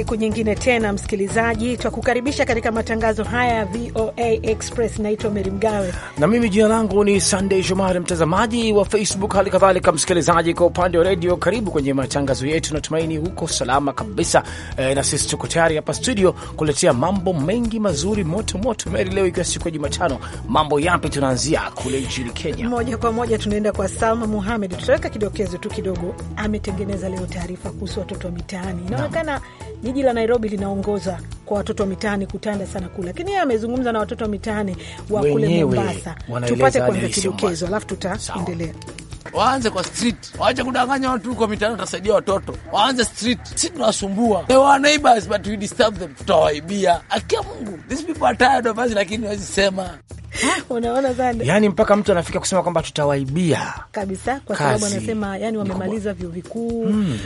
siku nyingine tena, msikilizaji, twakukaribisha katika matangazo haya ya VOA Express. Naitwa Meri Mgawe na mimi jina langu ni Sandey Shomari, mtazamaji wa Facebook hali kadhalika msikilizaji kwa upande wa redio. Karibu kwenye matangazo yetu, natumaini huko salama kabisa e, na sisi tuko tayari hapa studio kuletea mambo mengi mazuri moto moto. Meri, leo ikiwa siku ya Jumatano, mambo yapi tunaanzia? Kule nchini Kenya moja kwa moja tunaenda kwa Salma Muhamed. Tutaweka kidokezo tu kidogo, ametengeneza leo taarifa kuhusu watoto wa mitaani, inaonekana jiji la Nairobi linaongoza kwa watoto mitaani kutanda sana kule, lakini yeye amezungumza na watoto mitaani wa kule Mombasa. Tupate kwanza kidokezo, alafu tutaendelea. Waanze kwa street, waache kudanganya watu kwa mitaani. Utasaidia watoto waanze street, si tunawasumbua. They were neighbors but we disturb them, tutawaibia. Akia Mungu, these people are tired of us, lakini wawezi sema Unaona sana, yani mpaka mtu anafika kusema kwamba tutawaibia kabisa, kwa sababu anasema yani wamemaliza vyuo vikuu mm.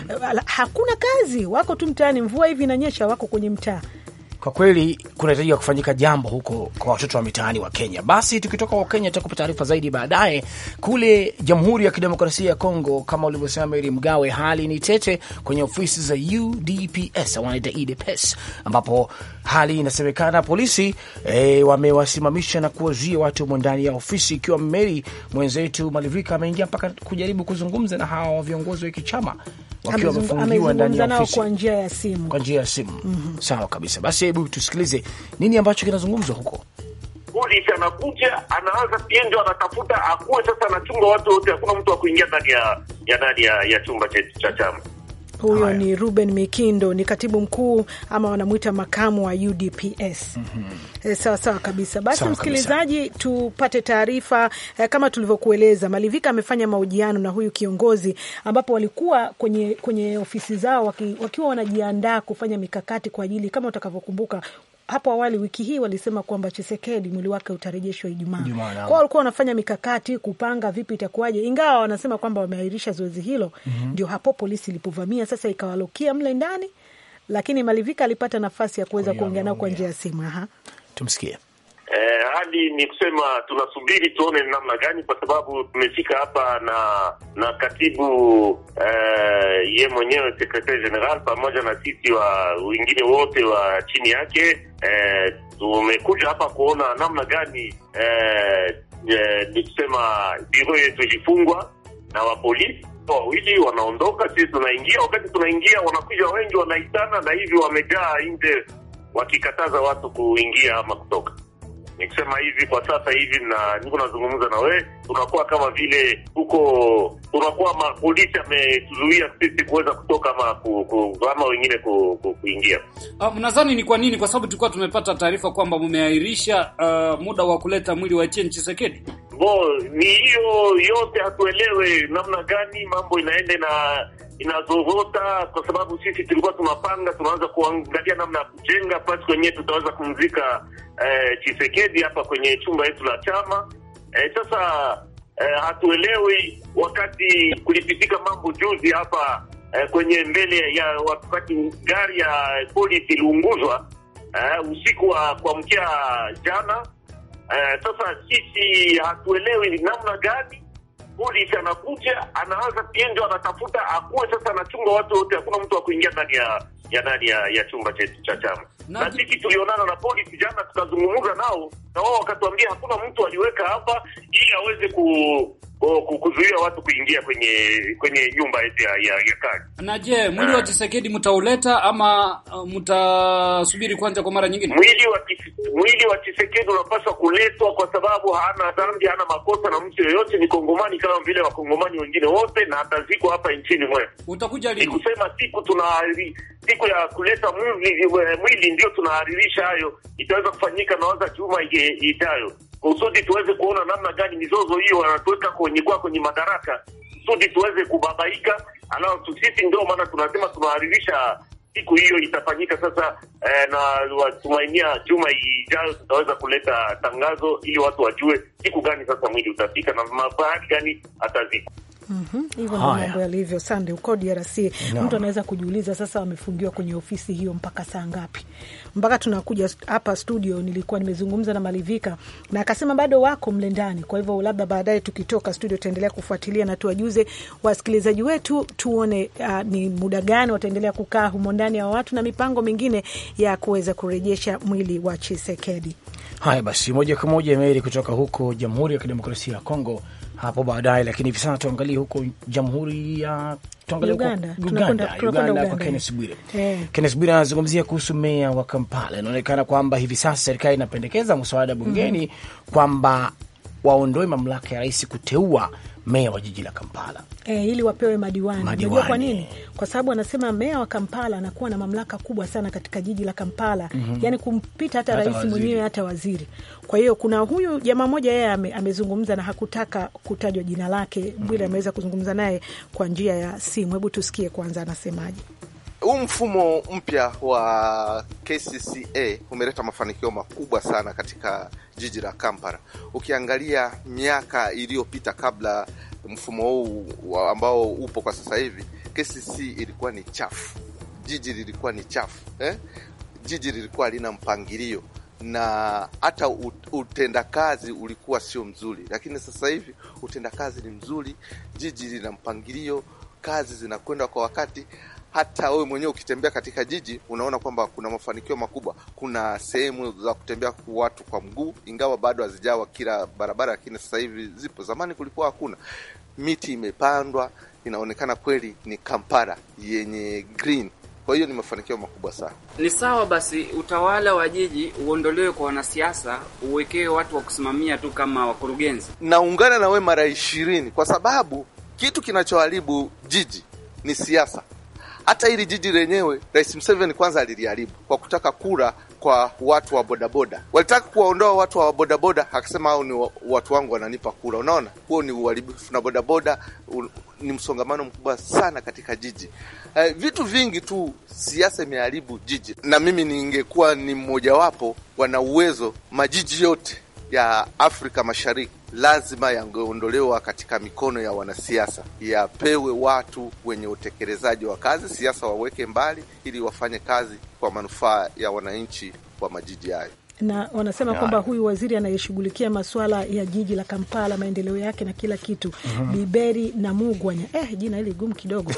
hakuna kazi, wako tu mtaani, mvua hivi inanyesha, wako kwenye mtaa. Kwa kweli kunahitajika kufanyika jambo huko kwa watoto wa mitaani wa Kenya. Basi tukitoka kwa Kenya tutakupa taarifa zaidi baadaye. Kule Jamhuri ya Kidemokrasia ya Kongo, kama ulivyosema Meri Mgawe, hali ni tete kwenye ofisi za UDPS, wanaita UDPS, e ambapo Hali inasemekana polisi e, wamewasimamisha na kuwazuia watu humo ndani ya ofisi, ikiwa Meri mwenzetu Malivika ameingia mpaka kujaribu kuzungumza na hawa viongozi wa kichama wakiwa wamefungiwa ndani ya ofisi kwa njia ya simu, kwa njia ya simu. Mm -hmm. Sawa kabisa. Basi hebu tusikilize nini ambacho kinazungumzwa huko. Polisi anakuja anaanza ndio anatafuta akuwe sasa, anachunga watu wote, hakuna mtu wa kuingia ndani ya ndani ya, ya chumba cha chama huyo ni Ruben Mikindo, ni katibu mkuu ama wanamwita makamu wa UDPS. mm -hmm. E, eh, sawa sawa kabisa. Basi msikilizaji Tupate taarifa e, kama tulivyokueleza, Malivika amefanya mahojiano na huyu kiongozi ambapo walikuwa kwenye, kwenye ofisi zao waki, wakiwa wanajiandaa kufanya mikakati kwa ajili kama utakavyokumbuka hapo awali wiki hii walisema kwamba Chisekedi mwili wake utarejeshwa Ijumaa kwao. Walikuwa wanafanya mikakati kupanga vipi itakuwaje, ingawa wanasema kwamba wameahirisha zoezi hilo. mm -hmm. Ndio hapo polisi ilipovamia sasa, ikawalokia mle ndani, lakini Malivika alipata nafasi ya kuweza kuongea nao kwa njia ya simu. Tumsikie. Eh, hali ni kusema tunasubiri tuone namna gani, kwa sababu tumefika hapa na na katibu eh, ye mwenyewe secretary general pamoja na sisi wa wengine wote wa chini yake eh, tumekuja hapa kuona namna gani eh, eh, ni kusema biro yetu ilifungwa na wapolisi wawili wanaondoka, sisi tunaingia. Wakati tunaingia wanakuja wengi, wanaitana na hivyo wamejaa nje wakikataza watu kuingia ama kutoka. Nikisema hivi kwa sasa hivi, na niko nazungumza na wewe, tunakuwa kama vile huko, tunakuwa mapolisi ametuzuia sisi kuweza kutoka ama, ku, ku, ama wengine ku, ku, kuingia. Uh, mnadhani ni kwa nini? Kwa sababu tulikuwa tumepata taarifa kwamba mmeahirisha uh, muda wa kuleta mwili wa Etienne Tshisekedi. Bo, ni hiyo yote hatuelewe namna gani mambo inaenda na inazorota kwa sababu sisi tulikuwa tunapanga, tunaanza kuangalia namna ya kujenga pasi kwenyewe tutaweza kumzika eh, Chisekedi hapa kwenye chumba yetu la chama eh, sasa eh, hatuelewi wakati kulipitika mambo juzi hapa eh, kwenye mbele ya wakati gari ya polisi iliunguzwa eh, usiku wa kuamkia jana eh, sasa sisi hatuelewi namna gani polisi anakuja anaanza pienjo, anatafuta akuwe sasa anachunga watu wote, hakuna mtu wa kuingia ndani ya ya ndani ya, ya chumba chetu cha chama. Na sisi tulionana na polisi jana, tukazungumza nao na wao wakatuambia hakuna mtu aliweka hapa ili aweze ku kuzuia watu kuingia kwenye kwenye nyumba ya, ya, ya kazi. Na je, mwili wa ah. Tshisekedi mtauleta ama uh, mtasubiri kwanza kwa mara nyingine? Mwili wa mwili wa Tshisekedi unapaswa kuletwa kwa sababu hana dhambi, hana makosa na mtu yoyote, ni kongomani kama vile wakongomani wengine wote, na atazikwa hapa nchini mwe Utakuja lini? Nikusema siku tuna siku ya kuleta mwili, eh, mwili ndio tunaharirisha hayo, itaweza kufanyika nawaza juma ijayo kusudi tuweze kuona namna gani mizozo hiyo wanatuweka kwenye kwa kwenye madaraka kusudi tuweze kubabaika. Alafu sisi ndio maana tunasema tunaharirisha siku hiyo itafanyika sasa eh, na watumainia juma ijayo tutaweza kuleta tangazo ili watu wajue siku gani sasa mwili utafika na mabahati gani atazikwa. Mm -hmm. Ndio mambo yalivyo. Sande huko DRC no. Mtu anaweza kujiuliza sasa, wamefungiwa kwenye ofisi hiyo mpaka saa ngapi? Mpaka tunakuja hapa studio, nilikuwa nimezungumza na Malivika na akasema bado wako mle ndani. Kwa hivyo labda baadaye tukitoka studio tutaendelea kufuatilia na tuwajuze wasikilizaji wetu, tuone uh, ni muda gani wataendelea kukaa humo ndani ya watu na mipango mingine ya kuweza kurejesha mwili wa Chisekedi. Haya basi, moja kwa moja Meri kutoka huko Jamhuri ya Kidemokrasia ya Kongo hapo baadaye, lakini hivi sasa tuangalie huko jamhuri ya tuangalie Bwire. Eh. Bwire anazungumzia kuhusu meya wa Kampala. Inaonekana kwamba hivi sasa serikali inapendekeza mswada bungeni mm -hmm. kwamba waondoe mamlaka ya rais kuteua meya wa jiji la Kampala e, ili wapewe madiwani. Unajua kwa nini? Kwa sababu anasema meya wa Kampala anakuwa na mamlaka kubwa sana katika jiji la Kampala mm -hmm. Yani kumpita hata, hata rais mwenyewe hata waziri. Kwa hiyo kuna huyu jamaa moja yeye ame, amezungumza na hakutaka kutajwa jina lake. Bwire mm -hmm. ameweza kuzungumza naye kwa njia ya simu. Hebu tusikie kwanza anasemaje huu mfumo mpya wa KCCA umeleta mafanikio makubwa sana katika jiji la Kampala. Ukiangalia miaka iliyopita kabla mfumo huu ambao upo kwa sasa hivi, KCC ilikuwa ni chafu, jiji lilikuwa ni chafu eh? Jiji lilikuwa lina mpangilio na hata utendakazi ulikuwa sio mzuri, lakini sasa hivi utendakazi ni mzuri, jiji lina mpangilio, kazi zinakwenda kwa wakati hata wewe mwenyewe ukitembea katika jiji unaona kwamba kuna mafanikio makubwa. Kuna sehemu za kutembea watu kwa mguu, ingawa bado hazijawa kila barabara, lakini sasa hivi zipo. Zamani kulikuwa hakuna. Miti imepandwa, inaonekana kweli ni Kampala yenye green. Kwa hiyo ni mafanikio makubwa sana. Ni sawa basi, utawala wa jiji uondolewe kwa wanasiasa, uwekewe watu wa kusimamia tu kama wakurugenzi. Naungana na wewe mara ishirini, kwa sababu kitu kinachoharibu jiji ni siasa. Hata hili jiji lenyewe Rais Museveni kwanza aliliharibu kwa kutaka kura kwa watu wa bodaboda. Walitaka kuwaondoa watu wa bodaboda, akasema hao ni watu wangu, wananipa kura. Unaona, huo ni uharibifu na bodaboda ni msongamano mkubwa sana katika jiji. Eh, vitu vingi tu, siasa imeharibu jiji, na mimi ningekuwa ni mmojawapo, wana uwezo majiji yote ya Afrika Mashariki lazima yangeondolewa katika mikono ya wanasiasa, yapewe watu wenye utekelezaji wa kazi. Siasa waweke mbali, ili wafanye kazi kwa manufaa ya wananchi wa majiji hayo na wanasema kwamba huyu waziri anayeshughulikia masuala ya jiji la Kampala, maendeleo yake na kila kitu mm -hmm. Biberi na Mugwanya, eh, jina hili gumu kidogo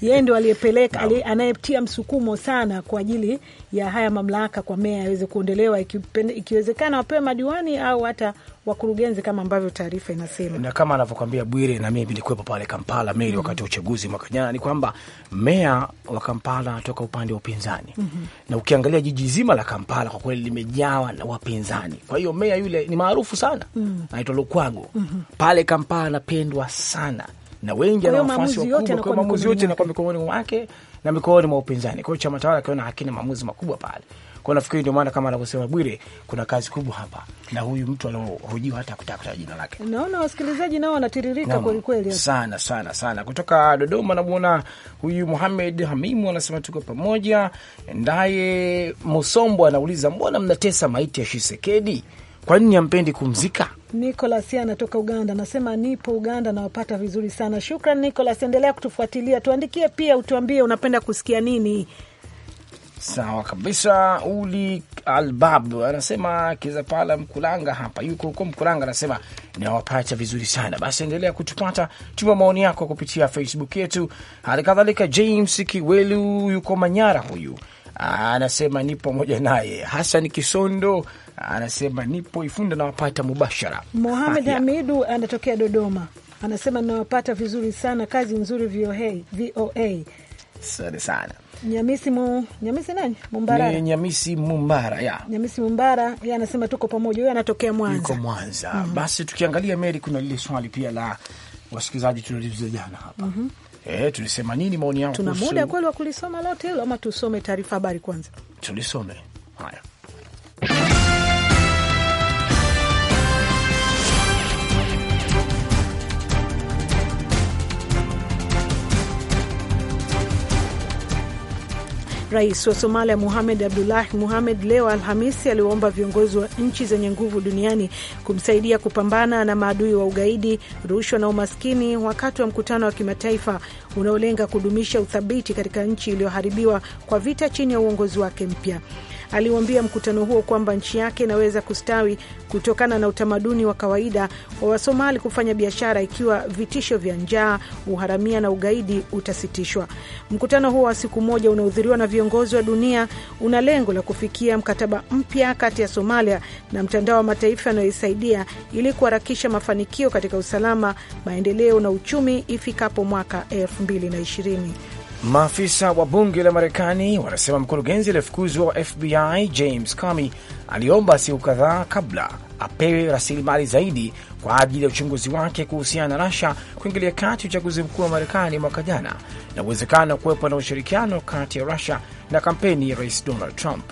yeye ndo aliyepeleka, anayetia msukumo sana kwa ajili ya haya mamlaka kwa meya yaweze kuondolewa ikiwezekana wapewe madiwani au hata wakurugenzi kama ambavyo taarifa inasema. Na kama anavyokwambia Bwire, na mimi nilikuwepo pale Kampala meri mm -hmm. wakati wa uchaguzi mwaka jana, ni kwamba meya wa Kampala anatoka upande wa upinzani mm -hmm. na ukiangalia jiji zima la Kampala kwa kweli limejawa na wapinzani. Kwa hiyo meya yule ni maarufu sana mm -hmm. anaitwa Lukwago mm -hmm. pale Kampala anapendwa sana na wengi, ana wafuasi wakubwa. Kwa maamuzi yote yanakuwa mikononi mwake na mikoani mwa upinzani. Kwa hiyo chama tawala akiona hakina maamuzi makubwa pale kwa nafikiri ndio maana kama anavyosema Bwire, kuna kazi kubwa hapa, na huyu mtu aliohojiwa hata kutaka kutaja jina lake. Naona wasikilizaji nao wanatiririka kweli sana sana sana. Kutoka Dodoma namwona huyu Muhamed Hamimu anasema tuko pamoja. Ndaye musombo anauliza mbona mnatesa maiti ya Shisekedi? Kwa nini ampendi kumzika? Nicolas anatoka Uganda, anasema nipo Uganda, nawapata vizuri sana. Shukran Nicolas, endelea kutufuatilia, tuandikie pia, utuambie unapenda kusikia nini. Sawa kabisa. Uli Albab anasema Kizapala Mkulanga hapa, yuko huko Mkulanga, anasema nawapata vizuri sana. Basi endelea kutupata, tuma maoni yako kupitia Facebook yetu. Hali kadhalika James Kiwelu yuko Manyara, huyu anasema ni pamoja naye. Hassan Kisondo anasema nipo Ifunda, nawapata mubashara. Mohamed Hamidu anatokea Dodoma, anasema nawapata vizuri sana, kazi nzuri VOA. Asante sana Nyamisi mu, Nyamisi nani? Mumbara. Ni Nyamisi Mumbara, ya. Nyamisi Mumbara, yeye anasema tuko pamoja. Huyo anatokea Mwanza. Yuko Mwanza. Mm -hmm. Basi tukiangalia meri kuna lile swali pia la wasikilizaji tuliuliza jana hapa. Mm -hmm eh, tulisema nini, maoni yao. Tuna muda kweli wa kulisoma lote hilo ama tusome taarifa habari kwanza? Tulisome haya. Rais wa Somalia Muhamed Abdullahi Muhamed leo Alhamisi aliwaomba viongozi wa nchi zenye nguvu duniani kumsaidia kupambana na maadui wa ugaidi, rushwa na umaskini wakati wa mkutano wa kimataifa unaolenga kudumisha uthabiti katika nchi iliyoharibiwa kwa vita chini ya uongozi wake mpya aliwambia mkutano huo kwamba nchi yake inaweza kustawi kutokana na utamaduni wa kawaida wa Wasomali kufanya biashara ikiwa vitisho vya njaa, uharamia na ugaidi utasitishwa. Mkutano huo wa siku moja unahudhuriwa na viongozi wa dunia una lengo la kufikia mkataba mpya kati ya Somalia na mtandao wa mataifa yanayoisaidia ili kuharakisha mafanikio katika usalama, maendeleo na uchumi ifikapo mwaka 2020. Maafisa wa bunge la Marekani wanasema mkurugenzi aliyefukuzwa wa FBI James Comey aliomba siku kadhaa kabla apewe rasilimali zaidi kwa ajili ya uchunguzi wake kuhusiana na Rasha kuingilia kati uchaguzi mkuu wa Marekani mwaka jana na uwezekano wa kuwepo na ushirikiano kati ya Russia na kampeni ya rais Donald Trump.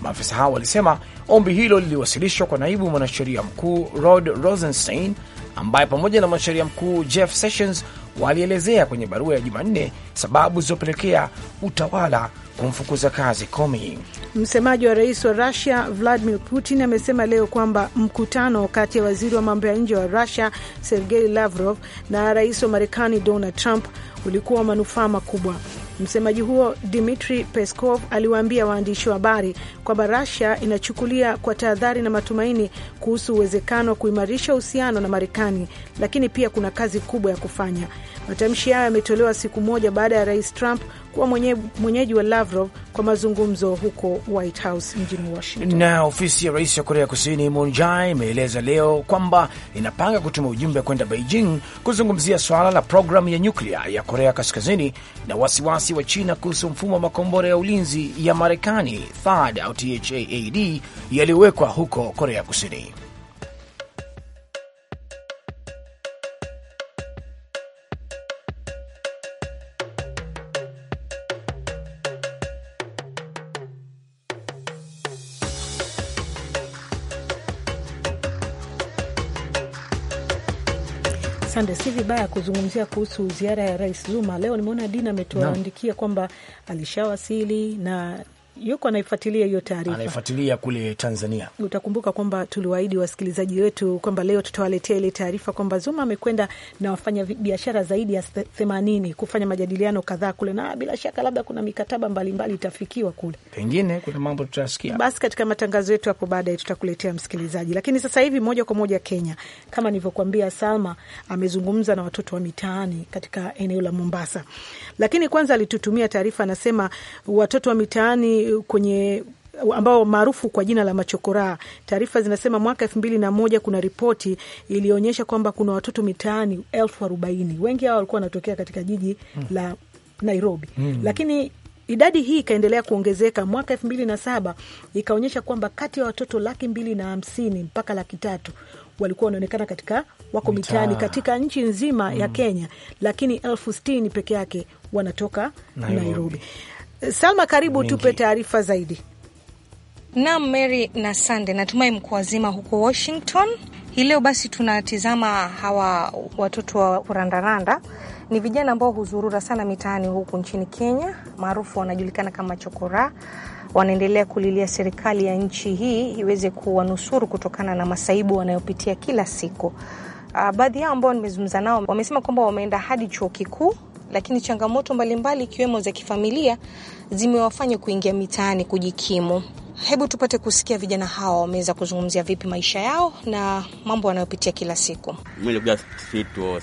Maafisa hao walisema ombi hilo liliwasilishwa kwa naibu mwanasheria mkuu Rod Rosenstein, ambaye pamoja na mwanasheria mkuu Jeff Sessions walielezea kwenye barua ya Jumanne sababu zilizopelekea utawala kumfukuza kazi Komi. Msemaji wa rais wa Rusia Vladimir Putin amesema leo kwamba mkutano kati ya waziri wa mambo ya nje wa Rusia Sergei Lavrov na rais wa Marekani Donald Trump ulikuwa wa manufaa makubwa. Msemaji huo Dmitri Peskov aliwaambia waandishi wa habari kwamba Rasia inachukulia kwa tahadhari na matumaini kuhusu uwezekano wa kuimarisha uhusiano na Marekani, lakini pia kuna kazi kubwa ya kufanya. Matamshi hayo yametolewa siku moja baada ya Rais Trump kuwa mwenye, mwenyeji wa Lavrov kwa mazungumzo huko White House mjini Washington. Na ofisi ya rais wa Korea Kusini Moon Jae imeeleza leo kwamba inapanga kutuma ujumbe kwenda Beijing kuzungumzia swala la programu ya nyuklia ya Korea Kaskazini na wasiwasi wa China kuhusu mfumo wa makombora ya ulinzi ya Marekani THAAD au THAAD yaliyowekwa huko Korea Kusini. vibaya kuzungumzia kuhusu ziara ya Rais Zuma leo. Nimeona Dina ametuandikia kwamba alishawasili na yuko anaifuatilia hiyo taarifa, anaifuatilia kule Tanzania. Utakumbuka kwamba tuliwaahidi wasikilizaji wetu kwamba leo tutawaletea ile taarifa kwamba Zuma amekwenda na wafanya biashara zaidi ya themanini kufanya majadiliano kadhaa kule, na bila shaka labda kuna mikataba mbalimbali itafikiwa kule, pengine kuna mambo tutasikia. Basi katika matangazo yetu hapo baadaye tutakuletea msikilizaji, lakini sasa hivi moja kwa moja Kenya, kama nilivyokuambia, Salma amezungumza na watoto wa mitaani katika eneo la Mombasa, lakini kwanza alitutumia taarifa, anasema watoto wa mitaani kwenye, ambao maarufu kwa jina la machokoraa. Taarifa zinasema mwaka elfu mbili na moja kuna ripoti iliyoonyesha kwamba kuna watoto mitaani elfu arobaini. Wengi hao walikuwa wanatokea katika jiji hmm. la Nairobi hmm. lakini idadi hii ikaendelea kuongezeka. Mwaka elfu mbili na saba ikaonyesha kwamba kati ya watoto laki mbili na hamsini mpaka laki tatu walikuwa wanaonekana katika wako mitaani katika nchi nzima mm. ya hmm. Kenya, lakini elfu sitini peke yake wanatoka Nairobi, Nairobi. Salma, karibu mingi. Tupe taarifa zaidi. Naam, Mary na Sande, natumai mko wazima huko Washington hii leo. Basi tunatizama hawa watoto wa kurandaranda, ni vijana ambao huzurura sana mitaani huku nchini Kenya, maarufu wanajulikana kama chokora. Wanaendelea kulilia serikali ya nchi hii iweze kuwanusuru kutokana na masaibu wanayopitia kila siku. Ah, baadhi yao ambao nimezungumza nao wamesema kwamba wameenda hadi chuo kikuu lakini changamoto mbalimbali ikiwemo za kifamilia zimewafanya kuingia mitaani kujikimu. Hebu tupate kusikia vijana hawa wameweza kuzungumzia vipi maisha yao na mambo wanayopitia kila siku. Mi nilikuja street to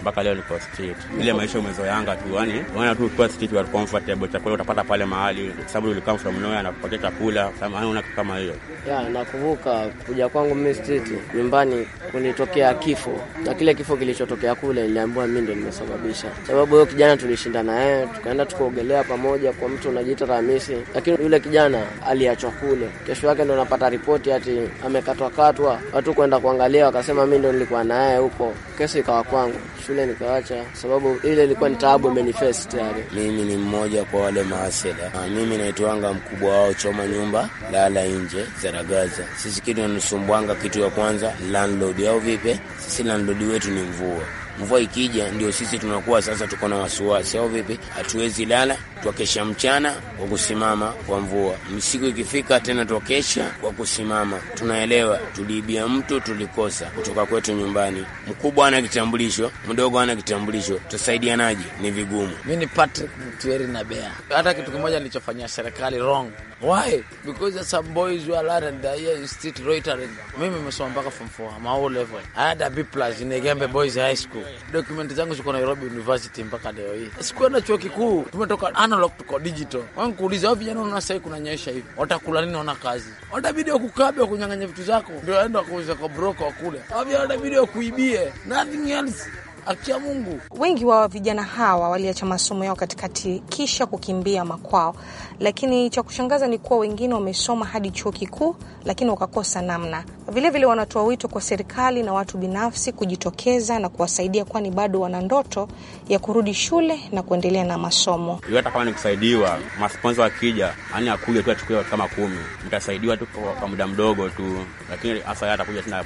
mpaka leo niko street. Ile maisha umezoyanga tu, yani unaona tu ukiwa street wa comfortable, chakula utapata pale mahali, sababu ulikam from nowhere, anakupatia chakula yaani, una kama hiyo. Ya nakumbuka kuja kwangu mi street, nyumbani kulitokea kifo, na kile kifo kilichotokea kule niliambiwa mi ndo nimesababisha, sababu huyo kijana tulishinda naye tukaenda tukaogelea pamoja kwa mtu unajiita Ramisi, lakini yule kijana aliachwa kuletwa kule. Kesho yake ndo napata ripoti ati amekatwakatwa, watu kwenda kuangalia, wakasema mi ndo nilikuwa naye huko. Kesi ikawa kwangu, shule nikaacha, sababu ile ilikuwa ni taabu manifest tayari. Mimi ni mmoja kwa wale maasela. Ah, mimi naitwanga mkubwa wao, choma nyumba lala nje, zaragaza. Sisi kitu nanusumbwanga, kitu ya kwanza landlord au vipe? Sisi landlord wetu ni mvua. Mvua ikija ndio sisi tunakuwa sasa tuko na wasiwasi au vipi, hatuwezi lala twakesha mchana kwa kusimama kwa mvua, msiku ikifika tena twakesha kwa kusimama. Tunaelewa tuliibia mtu, tulikosa kutoka kwetu nyumbani. Mkubwa ana kitambulisho, mdogo ana kitambulisho, tusaidianaje? Ni vigumu. Mi ni Patrick Mtweri na Bea. Hata kitu kimoja nilichofanyia serikali wrong. Why? Because some boys were learning the year street loitering. Mimi nimesoma mpaka form 4 ama O level. I had a B plus in Egembe Boys High School. Document zangu ziko Nairobi University mpaka leo hii. Sikuwa na chuo kikuu. Tumetoka analog tuko digital. Wewe nikuulize, hao vijana yaani unaona sasa nyesha hivi, watakula nini? Wana kazi, watabidi wakukabe, wakunyang'anya vitu zako, ndio waenda wakuuza kwa broker wakule. Hao vijana yaani watabidi wakuibie, nothing else. Akia Mungu. Wengi wa vijana hawa waliacha masomo yao katikati kisha kukimbia makwao, lakini cha kushangaza ni kuwa wengine wamesoma hadi chuo kikuu, lakini wakakosa namna. Vilevile wanatoa wito kwa serikali na watu binafsi kujitokeza na kuwasaidia, kwani bado wana ndoto ya kurudi shule na kuendelea na masomo. Hata kama nikusaidiwa, masponsa wakija, ani akuja tu achukue kama kumi, nitasaidiwa tu kwa muda mdogo tu, lakini hasa atakuja tena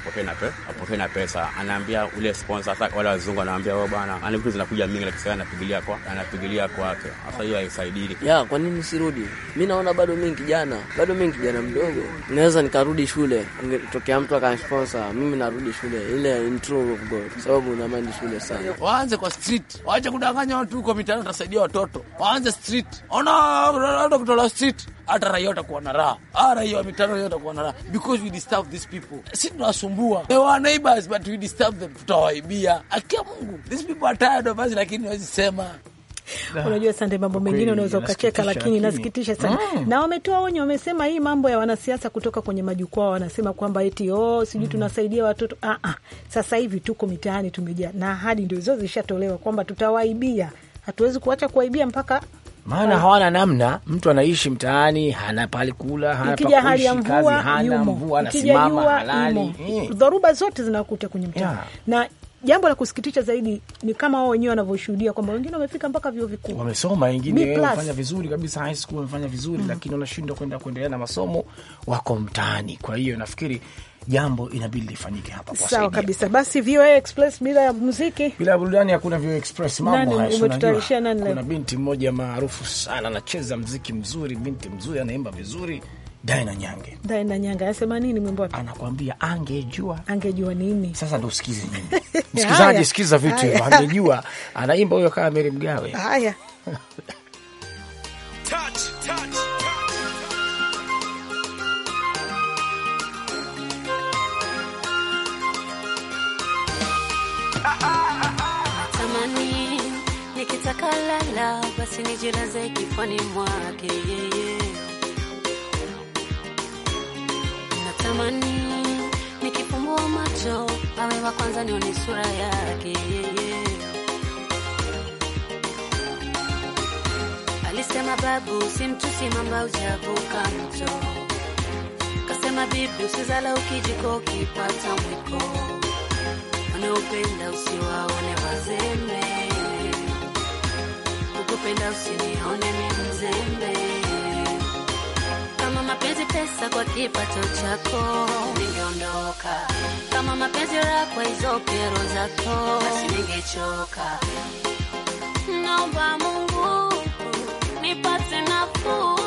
apotee na pesa. Anaambia ule sponsa, hasa wale wazungu, anaambia wewe oh, bwana, ani vitu zinakuja mingi, lakini anapigilia kwa anapigilia kwake. Hasa hiyo haisaidii. Ya kwa nini sirudi? Mi naona bado mi kijana, bado mi kijana mdogo, naweza nikarudi shule, tokea Nikitokea mtu akansponsor mimi narudi shule, ile in true of God, sababu unamani shule sana. Waanze kwa street, waache kudanganya watu huko mitaani, watasaidia watoto. Waanze street, ona kutola street hata raia watakuwa na raha, ah, raia wa mitaani yote watakuwa na raha because we disturb these people. Si tunasumbua, they are neighbors but we disturb them, tutawaibia. Akia Mungu, these people are tired of us, lakini wezi sema Ah, Unajua Sande, mambo mengine unaweza ukacheka, lakini nasikitisha sana mm. Na wametoa onyo, wamesema hii mambo ya wanasiasa kutoka kwenye majukwaa, wanasema kwamba eti oh, sijui mm. tunasaidia watoto ah, ah. Sasa hivi tuko mitaani tumejaa, na ahadi ndio hizo zishatolewa kwamba tutawaibia, hatuwezi kuacha kuwaibia mpaka maana hawana namna. Mtu anaishi mtaani, hana palikula, hana pa kuishi, kazi hana, mvua halali, mm. dhoruba zote zinakuta kwenye mtaa na jambo la kusikitisha zaidi ni kama wao wenyewe wanavyoshuhudia kwamba wengine wamefika mpaka vyuo vikuu, wamesoma, wengine wamefanya vizuri kabisa, high school wamefanya vizuri mm -hmm. lakini wanashindwa kwenda kuendelea na masomo, wako mtaani. Kwa hiyo nafikiri jambo inabidi lifanyike hapa kwa sawa kabisa. Basi VOA Express bila ya muziki, bila burudani hakuna VOA Express. Mambo haya, kuna binti mmoja maarufu sana anacheza mziki mzuri, binti mzuri, anaimba vizuri Daina Nyange, Daina Nyange anasema nini mwimbo wake? Anakwambia angejua. Angejua nini? Sasa ndo usikize nini. Msikizaji sikiza vitu hivyo. Angejua anaimba huyo kama Meri Mgawe. Haya nikitaka lala basi nijilaze mwake yeye natamani nikifumbua macho awe wa kwanza nione sura yake. Alisema babu, si mtu simamba ujavuka mto, kasema bibi, usizala ukijiko kipata mwiko, wanaopenda usiwaone wazembe, ukupenda usinione mimi mzembe mapenzi pesa kwa kipato chako ningeondoka, kama mapenzi raha kwa hizo kero zako basi ningechoka. Naomba Mungu nipate nafuu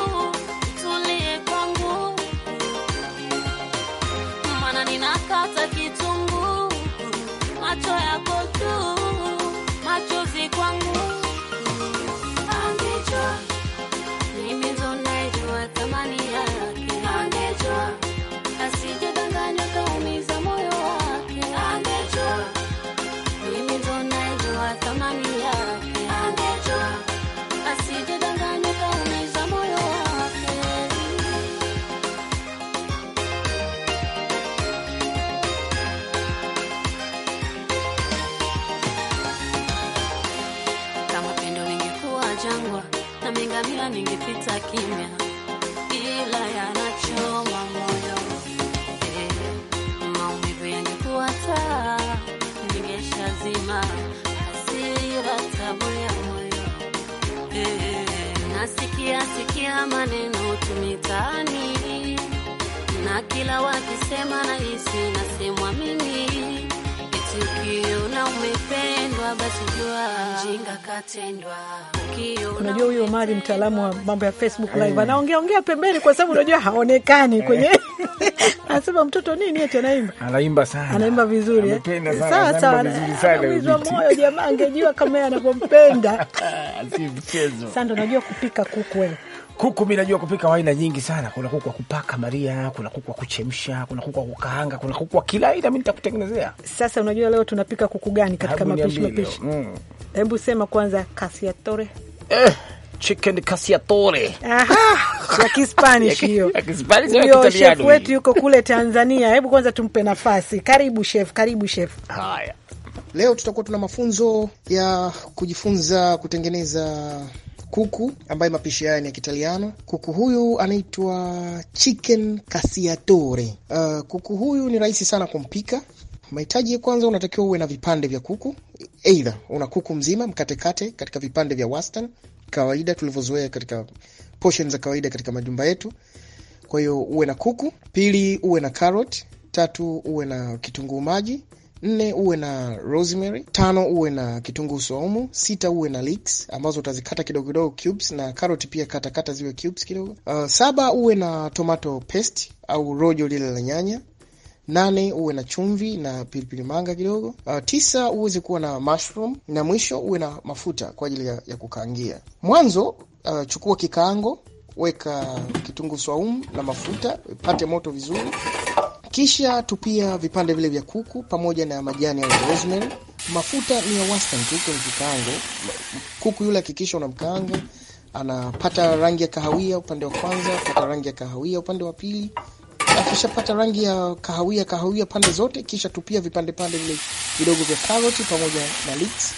Unajua huyo Omari mtaalamu wa mambo ya Facebook live eh. anaongea ongea pembeni, kwa sababu unajua haonekani kwenye eh. anasema mtoto nini eti anaimba, anaimba sana, anaimba vizuri sawa sawa, anamizwa moyo jamaa, angejua kama yeye anavyompenda. Sasa ndo unajua kupika kuku wewe Kuku mi najua kupika aina nyingi sana. Kuna kuku wa kupaka Maria, kuna kuku wa kuchemsha, kuna kuku wa kukaanga, kuna kuku wa kila aina. Mi nitakutengenezea. Sasa unajua leo tunapika kuku gani katika mapishi mapishi? Mm. Hebu mm. sema kwanza kasiatore eh. Chicken kasiatore ah, ah! ya Kispanish hiyo. Hiyo chef wetu yuko kule Tanzania. Hebu kwanza tumpe nafasi. Karibu chef, karibu chef. Haya, leo tutakuwa tuna mafunzo ya kujifunza kutengeneza kuku ambaye mapishi haya ni ya Kitaliano. Kuku huyu anaitwa chicken cacciatore. Uh, kuku huyu ni rahisi sana kumpika. Mahitaji ya kwanza, unatakiwa uwe na vipande vya kuku, eidha una kuku mzima mkatekate katika vipande vya wastani kawaida tulivyozoea katika portion za kawaida katika majumba yetu. Kwa hiyo uwe na kuku. Pili, uwe na carrot. Tatu, uwe na kitunguu maji nne uwe na rosemary, tano uwe na kitunguu saumu, sita uwe na leeks ambazo utazikata kidogo kidogo cubes, na karoti pia katakata kata ziwe cubes kidogo. Uh, saba uwe na tomato paste au rojo lile la nyanya nane uwe na chumvi na pilipili manga kidogo. Uh, tisa uweze kuwa na mushroom, na mwisho uwe na mafuta kwa ajili ya, ya kukaangia. Mwanzo uh, chukua kikaango, weka kitunguu swaumu na mafuta, pate moto vizuri, kisha tupia vipande vile vya kuku pamoja na majani ya rosemary. Mafuta ni ya wastani tu kwenye kikaango. Kuku yule hakikisha unamkaanga, anapata rangi ya kahawia upande wa kwanza, pata rangi ya kahawia upande wa pili, akishapata rangi ya kahawia kahawia pande zote, kisha tupia vipande pande vile vidogo vya karoti pamoja na leeks.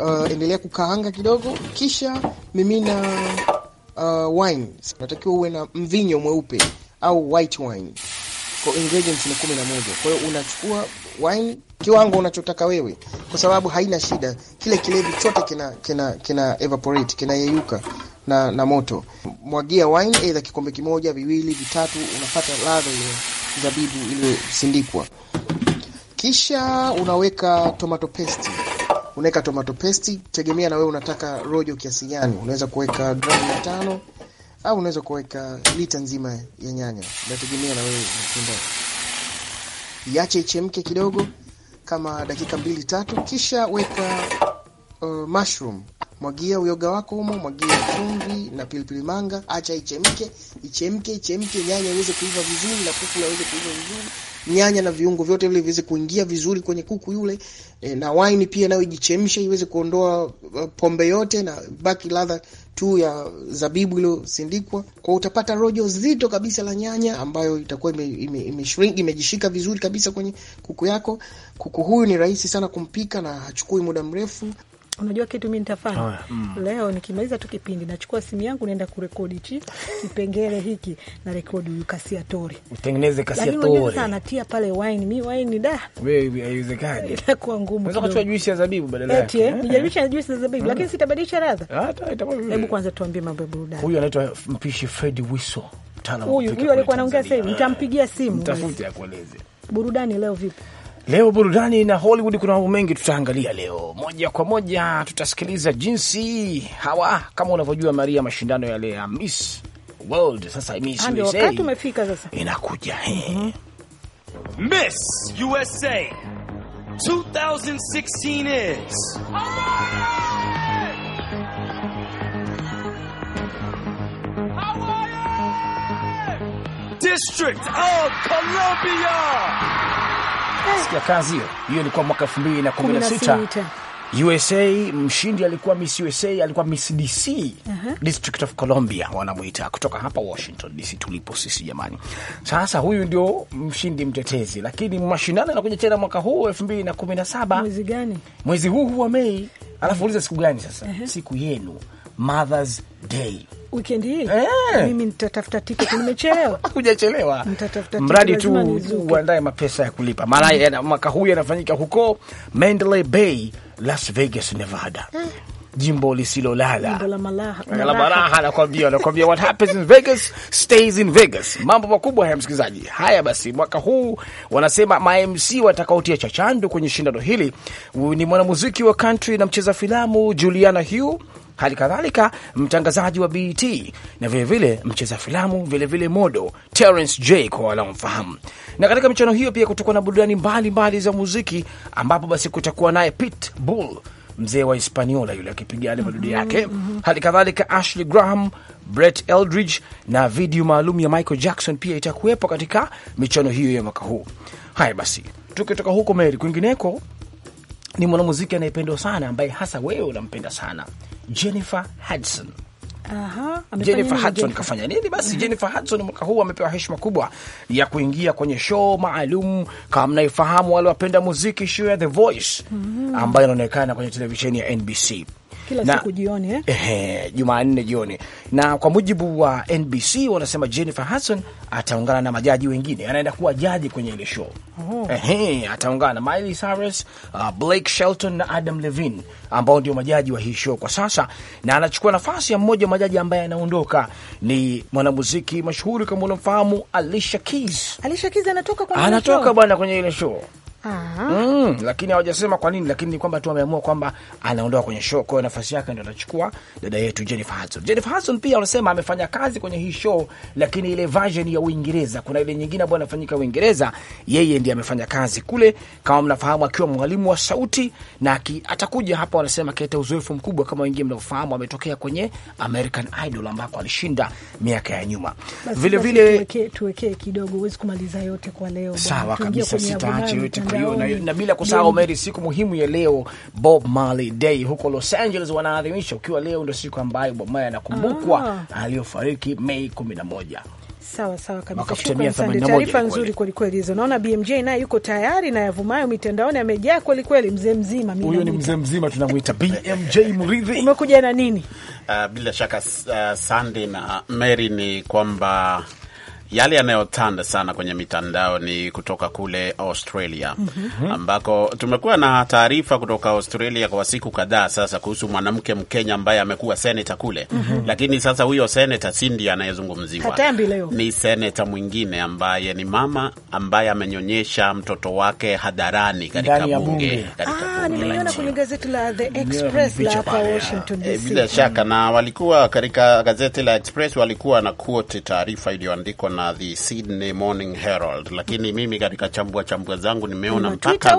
Uh, endelea kukaanga kidogo, kisha mimina uh, wine. Unatakiwa uwe na mvinyo mweupe au white wine kwa ingredients ni 11. Kwa hiyo unachukua wine kiwango unachotaka wewe, kwa sababu haina shida, kile kilevi chote kina kina kina evaporate kinayeyuka na, na moto. Mwagia wine either kikombe kimoja, viwili, vitatu, unapata ladha ile zabibu ile sindikwa. Kisha unaweka tomato paste unaweka tomato paste, tegemea na wewe unataka rojo kiasi gani. Unaweza kuweka gramu mia au unaweza kuweka lita nzima ya nyanya, nategemea na wewe unapenda. Iache ichemke kidogo kama dakika mbili tatu, kisha weka uh, mushroom, mwagia uyoga wako humo, mwagia chumvi na pilipili manga, acha ichemke ichemke ichemke, nyanya iweze kuiva vizuri na kuku iweze kuiva vizuri, nyanya na viungo vyote vile viweze kuingia vizuri kwenye kuku yule e, na wine pia nayo ijichemshe iweze kuondoa uh, pombe yote na baki ladha tu ya zabibu iliyosindikwa, kwa utapata rojo zito kabisa la nyanya ambayo itakuwa imejishika ime, ime vizuri kabisa kwenye kuku yako. Kuku huyu ni rahisi sana kumpika na hachukui muda mrefu. Unajua kitu mi nitafanya oh, mm. Leo nikimaliza tu kipindi nachukua simu yangu naenda kurekodi chi kipengele hiki na rekodi huyu kasia tori, utengeneze kasia yaani tori sana, natia pale wine. Mi wine da, wewe haiwezekani, itakuwa ngumu. Unaweza kuchukua juisi ya zabibu badala yake, eti eh, eh? nijaribu na juisi ya zabibu, mm. lakini sitabadilisha ladha hata itakuwa. Hebu kwanza tuambie mambo ya burudani. Huyu anaitwa mpishi Fred Wiso, mtaalamu huyu. Huyu alikuwa anaongea sasa hivi, nitampigia simu, mtafute akueleze burudani leo vipi. Leo burudani na Hollywood, kuna mambo mengi tutaangalia leo. Moja kwa moja tutasikiliza jinsi hawa, kama unavyojua Maria, mashindano yale ya Miss World sasa, Miss ah, USA inakuja. Mm-hmm. Miss USA 2016 is District of Columbia sikia kazi hiyo hiyo, ilikuwa mwaka 2016 USA mshindi alikuwa Miss USA, alikuwa Miss DC uh -huh. District of Columbia wanamwita, kutoka hapa Washington DC tulipo sisi jamani. Sasa huyu ndio mshindi mtetezi, lakini mashindano yanakuja tena mwaka huu elfu mbili na kumi na saba mwezi gani? Mwezi huu huu wa Mei. Alafu uliza siku gani sasa? uh -huh. siku yenu Mother's Day Wikendi hii eh. Mimi nitatafuta tiketi, nimechelewa. Hujachelewa, mradi tu uandae mapesa ya kulipa maana eh, mm. Mwaka huu yanafanyika huko Mandalay Bay, Las Vegas, Nevada eh. Jimbo lisilolala la maraha, nakwambia, nakwambia what happens in Vegas stays in Vegas. Mambo makubwa haya, msikilizaji. Haya basi, mwaka huu wanasema mc watakaotia cha chandu kwenye shindano hili ni mwanamuziki wa country na mcheza filamu Juliana Hugh hali kadhalika mtangazaji wa BET na vilevile mcheza filamu vilevile modo Terence J kwa wanaomfahamu. Na katika michano hiyo pia kutakuwa na burudani mbalimbali za muziki, ambapo basi kutakuwa naye Pit Bull, mzee wa Hispaniola yule akipiga yale madudu yake. mm mm-hmm, -hmm. Hali kadhalika Ashley Graham, Brett Eldridge na video maalum ya Michael Jackson pia itakuwepo katika michano hiyo ya mwaka huu. Haya basi, tukitoka huko Meri kwingineko, ni mwanamuziki anayependwa sana ambaye hasa wewe unampenda sana Jennifer Hudson. Aha, Jennifer Hudson kafanya nini basi? mm -hmm. Jennifer Hudson mwaka huu amepewa heshima kubwa ya kuingia kwenye show maalum, kama mnaifahamu wale wapenda muziki, show ya The Voice mm -hmm. ambayo inaonekana kwenye televisheni ya NBC kila na, siku jioni eh? Eh, Jumanne jioni. Na kwa mujibu wa NBC wanasema Jennifer Hudson ataungana na majaji wengine, anaenda kuwa jaji kwenye ile show oh. Ehe, ataungana na Miley Cyrus, uh, Blake Shelton na Adam Levine ambao ndio majaji wa hii show kwa sasa, na anachukua nafasi ya mmoja wa majaji ambaye anaondoka, ni mwanamuziki mashuhuri kama unamfahamu, Alicia Keys. Alicia Keys anatoka kwa anatoka bwana kwenye ile show Ah. Mm, lakini hawajasema kwa nini, lakini ni kwamba tu wameamua kwamba anaondoka kwenye show, kwa nafasi yake ndio atachukua dada yetu Jennifer Hudson. Jennifer Hudson pia anasema amefanya kazi kwenye hii show, lakini ile version ya Uingereza, kuna ile nyingine ambayo inafanyika Uingereza, yeye ndiye amefanya kazi kule, kama mnafahamu, akiwa mwalimu wa sauti na ki, atakuja hapa, wanasema kete uzoefu mkubwa, kama wengine mnaofahamu, ametokea kwenye American Idol ambako alishinda miaka ya nyuma. Vile vile tuwekee kidogo, huwezi kumaliza yote kwa leo. Sawa kabisa, sitaachi yote hiyo na, na bila kusahau Mary, siku muhimu ya leo Bob Marley Day huko Los Angeles wanaadhimisha, ukiwa leo ndio siku ambayo Bob Marley anakumbukwa ah. aliyofariki Mei 11. Sawa sawa kabisa, shukrani sana, taarifa nzuri kwelikweli hizo. Naona BMJ naye yuko tayari na yavumayo mitandaoni amejaa kwelikweli. Mzee mzima, huyo ni mzee mzima tunamwita BMJ Mridhi, umekuja na nini? Uh, bila shaka uh, Sande na Mary ni kwamba yale yanayotanda sana kwenye mitandao ni kutoka kule Australia mm -hmm. ambako tumekuwa na taarifa kutoka Australia kwa siku kadhaa sasa kuhusu mwanamke Mkenya ambaye amekuwa seneta kule mm -hmm. Lakini sasa huyo seneta si ndio anayezungumziwa, ni seneta mwingine ambaye ni mama ambaye amenyonyesha mtoto wake hadharani katika bunge. Ah, eh, bila shaka na walikuwa katika gazeti la Express walikuwa na quote taarifa iliyoandikwa na The Sydney Morning Herald, lakini mimi katika chambua chambua zangu nimeona mpaka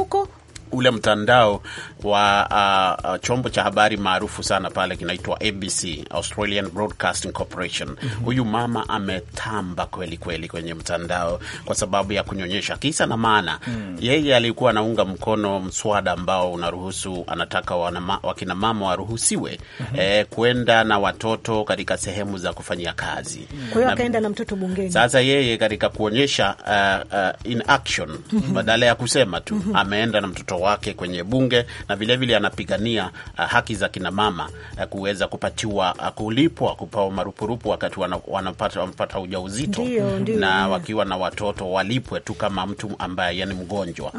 ule mtandao wa uh, uh, chombo cha habari maarufu sana pale kinaitwa ABC, Australian Broadcasting Corporation. mm -hmm. Huyu mama ametamba kweli kweli kwenye mtandao kwa sababu ya kunyonyesha, kisa na maana. mm -hmm. Yeye alikuwa anaunga mkono mswada ambao unaruhusu, anataka wakina mama waruhusiwe mm -hmm. eh, kwenda na watoto katika sehemu za kufanyia kazi. Kwa hiyo akaenda na mtoto bungeni. Sasa yeye katika kuonyesha uh, uh, in action mhm. badala ya kusema tu mm -hmm. ameenda na mtoto wake kwenye bunge na vilevile vile anapigania uh, haki za kinamama uh, kuweza kupatiwa uh, kulipwa kupewa marupurupu wakati wanapata, wanapata ujauzito na wakiwa na watoto walipwe tu kama mtu ambaye yani mgonjwa.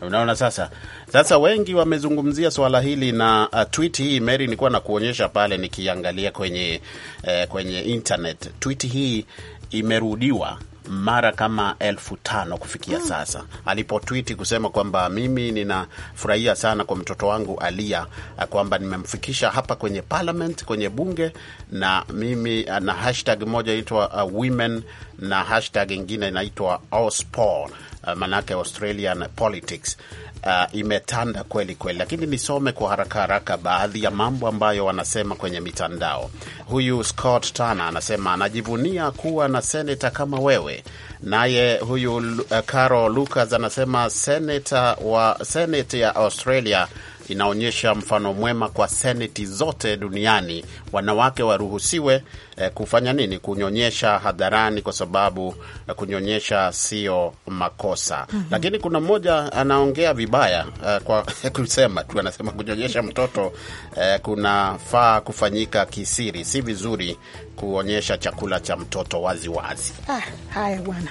Unaona sasa, sasa wengi wamezungumzia swala hili na uh, tweet hii Mary nilikuwa nakuonyesha pale nikiangalia kwenye, eh, kwenye internet tweet hii imerudiwa mara kama elfu tano kufikia mm. sasa, alipotwiti kusema kwamba mimi ninafurahia sana kwa mtoto wangu Alia kwamba nimemfikisha hapa kwenye parliament, kwenye bunge, na mimi na hashtag moja inaitwa uh, women na hashtag ingine inaitwa Auspol, uh, manake Australian politics uh, imetanda kweli kweli, lakini nisome kwa haraka haraka baadhi ya mambo ambayo wanasema kwenye mitandao. Huyu Scott Tana anasema anajivunia kuwa na seneta kama wewe. Naye huyu uh, Caro Lucas anasema seneta wa senate ya Australia inaonyesha mfano mwema kwa seneti zote duniani, wanawake waruhusiwe eh, kufanya nini? Kunyonyesha hadharani, kwa sababu eh, kunyonyesha sio makosa. mm -hmm. Lakini kuna mmoja anaongea vibaya eh, kwa kusema tu, anasema kunyonyesha mtoto eh, faa kufanyika kisiri, si vizuri kuonyesha chakula cha mtoto waziwazi wazi. Ah, haya bwana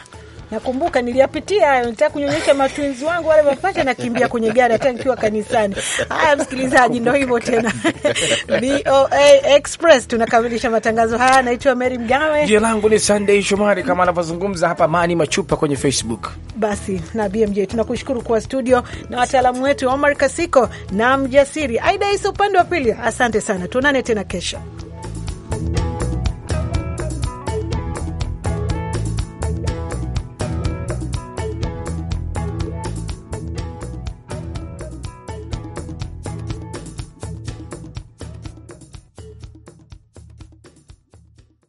Nakumbuka niliyapitia hayo, nitaka kunyonyesha matwinzi wangu wale mapacha, nakimbia kwenye gari hata nikiwa kanisani. Haya msikilizaji, ndo hivyo tena. VOA Express tunakamilisha matangazo haya. Naitwa Mary Mgawe, jina langu ni Sunday Shomari, kama anavyozungumza hapa Mani Machupa kwenye Facebook. Basi na BMJ tunakushukuru kwa studio na wataalamu wetu Omar Kasiko na Mjasiri Aida Isa upande wa pili. Asante sana, tuonane tena kesho.